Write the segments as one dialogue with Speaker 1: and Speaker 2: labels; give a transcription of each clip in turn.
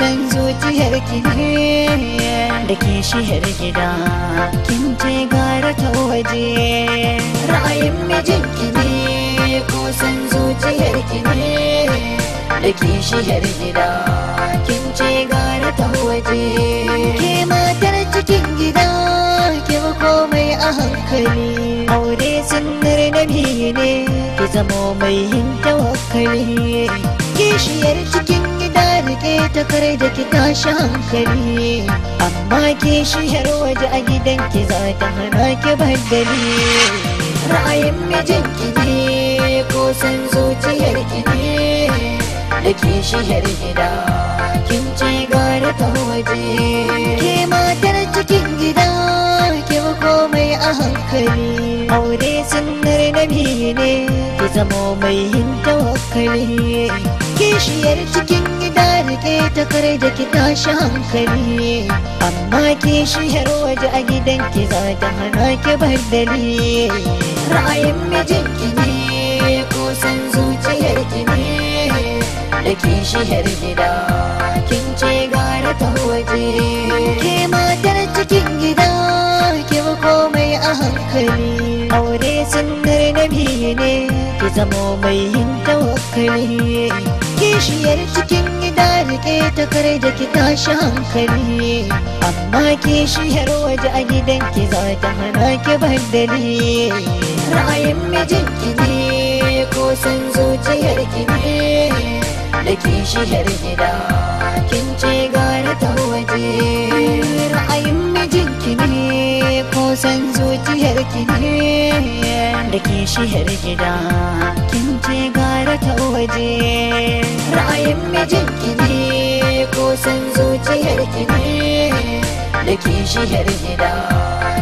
Speaker 1: san zuciyar ki ne da ke shihar gida kin ce gara ta waje ra'ayin mijinki ne ko san zuciyar ki ne da kishiyar gida kin ce gara ta waje ke matar cikin gida ke komai a hankali aure sunnar nabi ne ki zamo mai yin tawakkali kishiyar cikin gida rike ta kare da ki tashi hankali amma kishiyar waje a gidan ki za ta hana ki bandali ra'ayin mijinki ne ko san zuciyar ki ne da kishiyar gida kin ce gara ta waje ke matar cikin gida ke komai a hankali aure sun sunnar na ne ki zamo mai yin tawakkali kishiyar cikin gida rike ta kare da ki tashi hankali amma kishiyar waje a gidan ki za ta hana ki bardali ra'ayin mijinki ne kusan zuciyar ki da kishiyar gida kin ce gara ta waje ke matar cikin gida ki komai a hankali aure sun nabi ne ki zamo mai yin tawakkali kishiyar cikin gida rike ta kare da ki tashi hankali amma kishiyar waje a gidan ki za ta hana ki bandali ra'ayin mijinki ne ko san zuciyar ki ne da kishiyar gida kin ce gara ta waje ra'ayin mijinki ne ko san zuciyar ki ne da kishiyar gida kin ce gara ta waje ra'ayin mijinki ne ko san zuciyar ki ne da kishiyar gida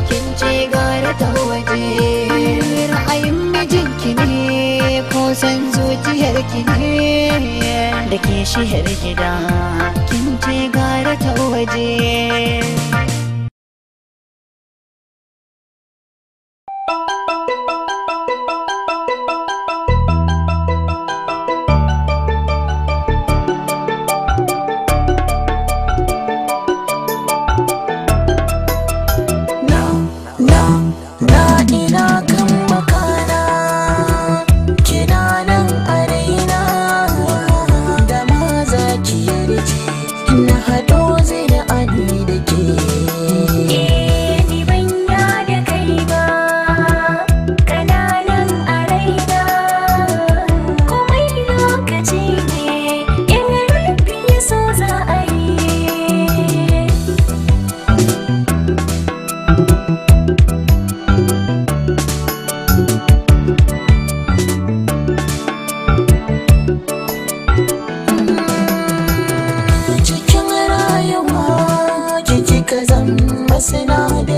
Speaker 1: kin ce gara ta waje ra'ayin mijinki ne ko san zuciyar ki ne da ke shihar gida kin ce gara ta waje
Speaker 2: the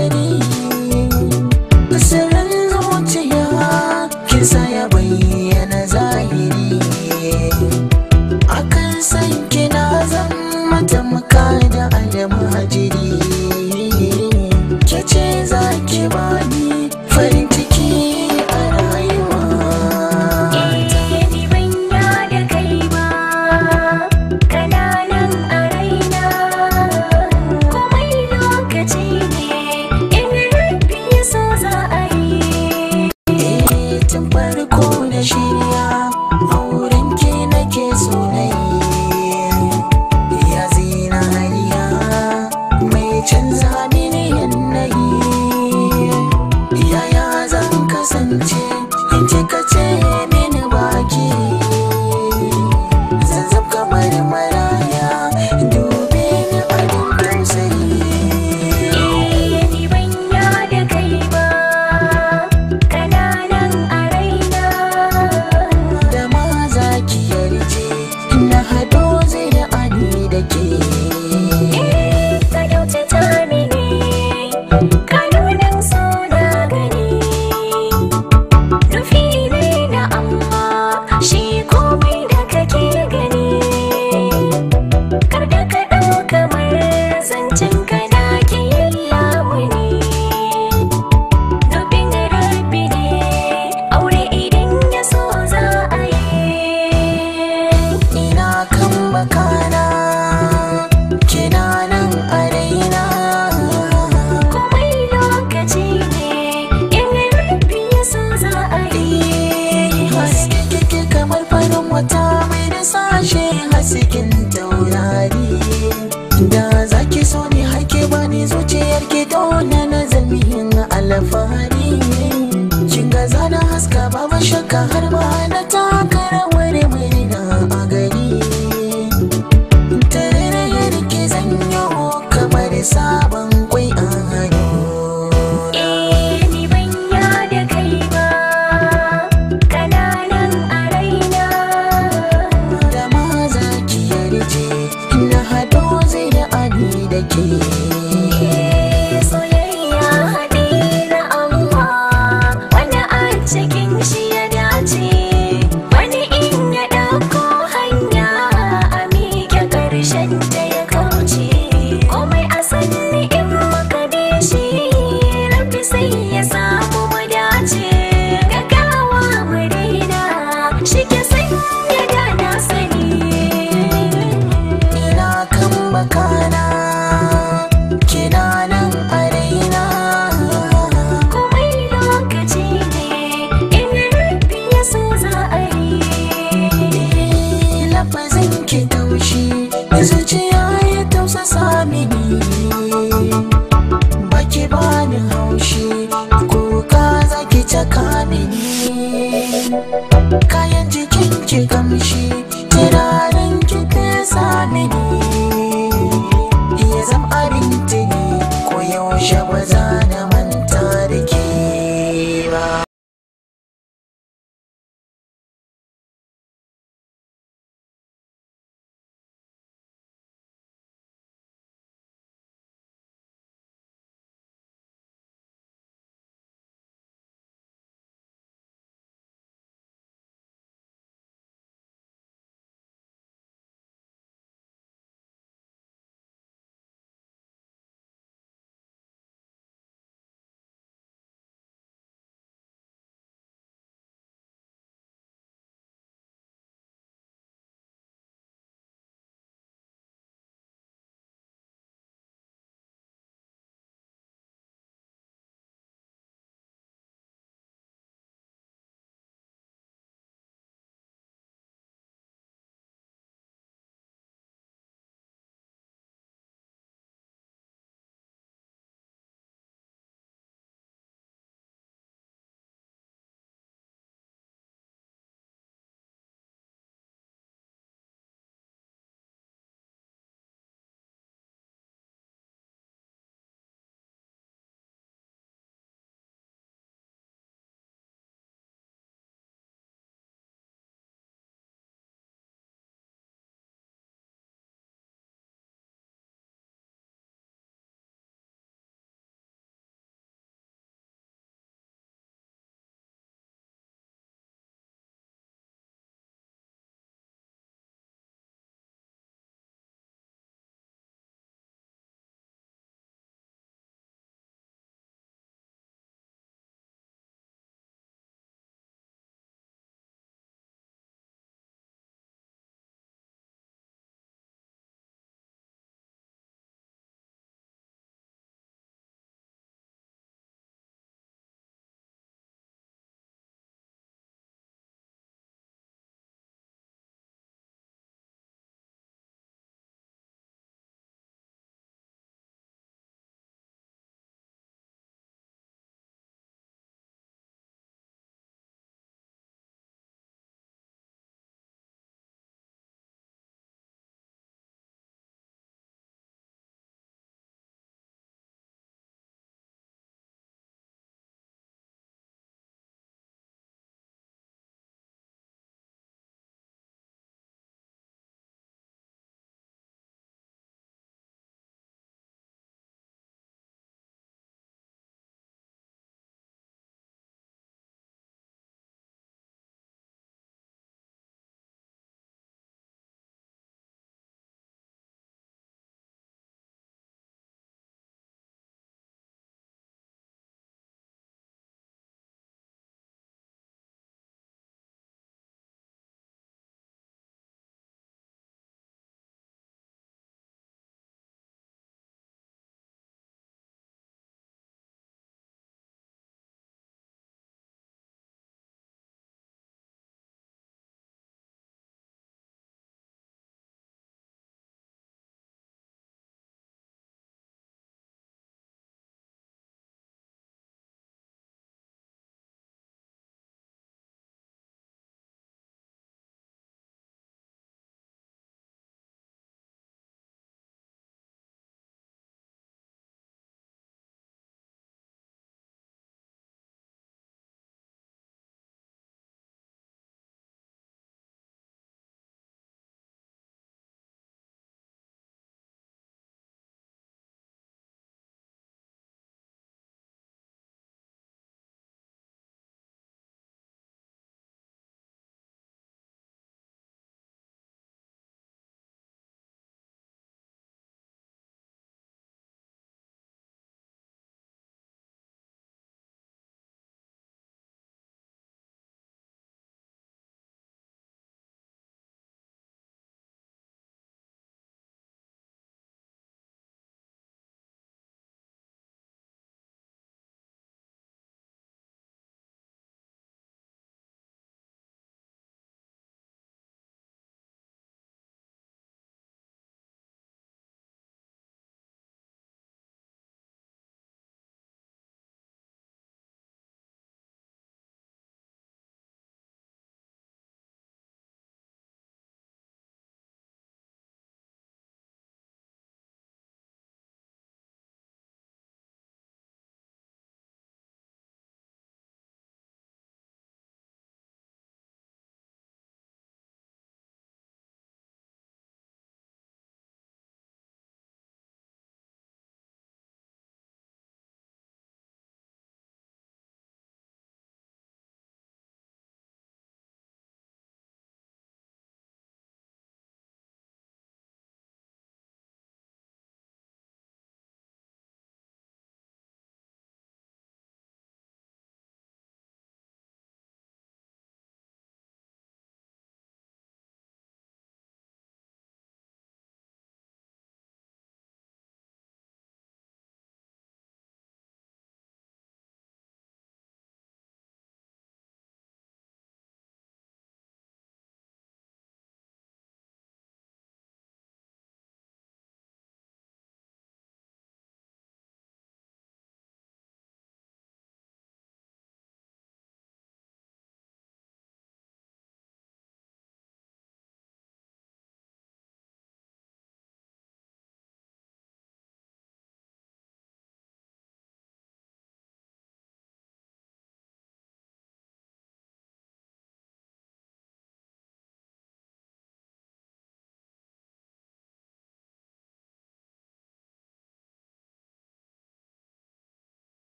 Speaker 2: besar.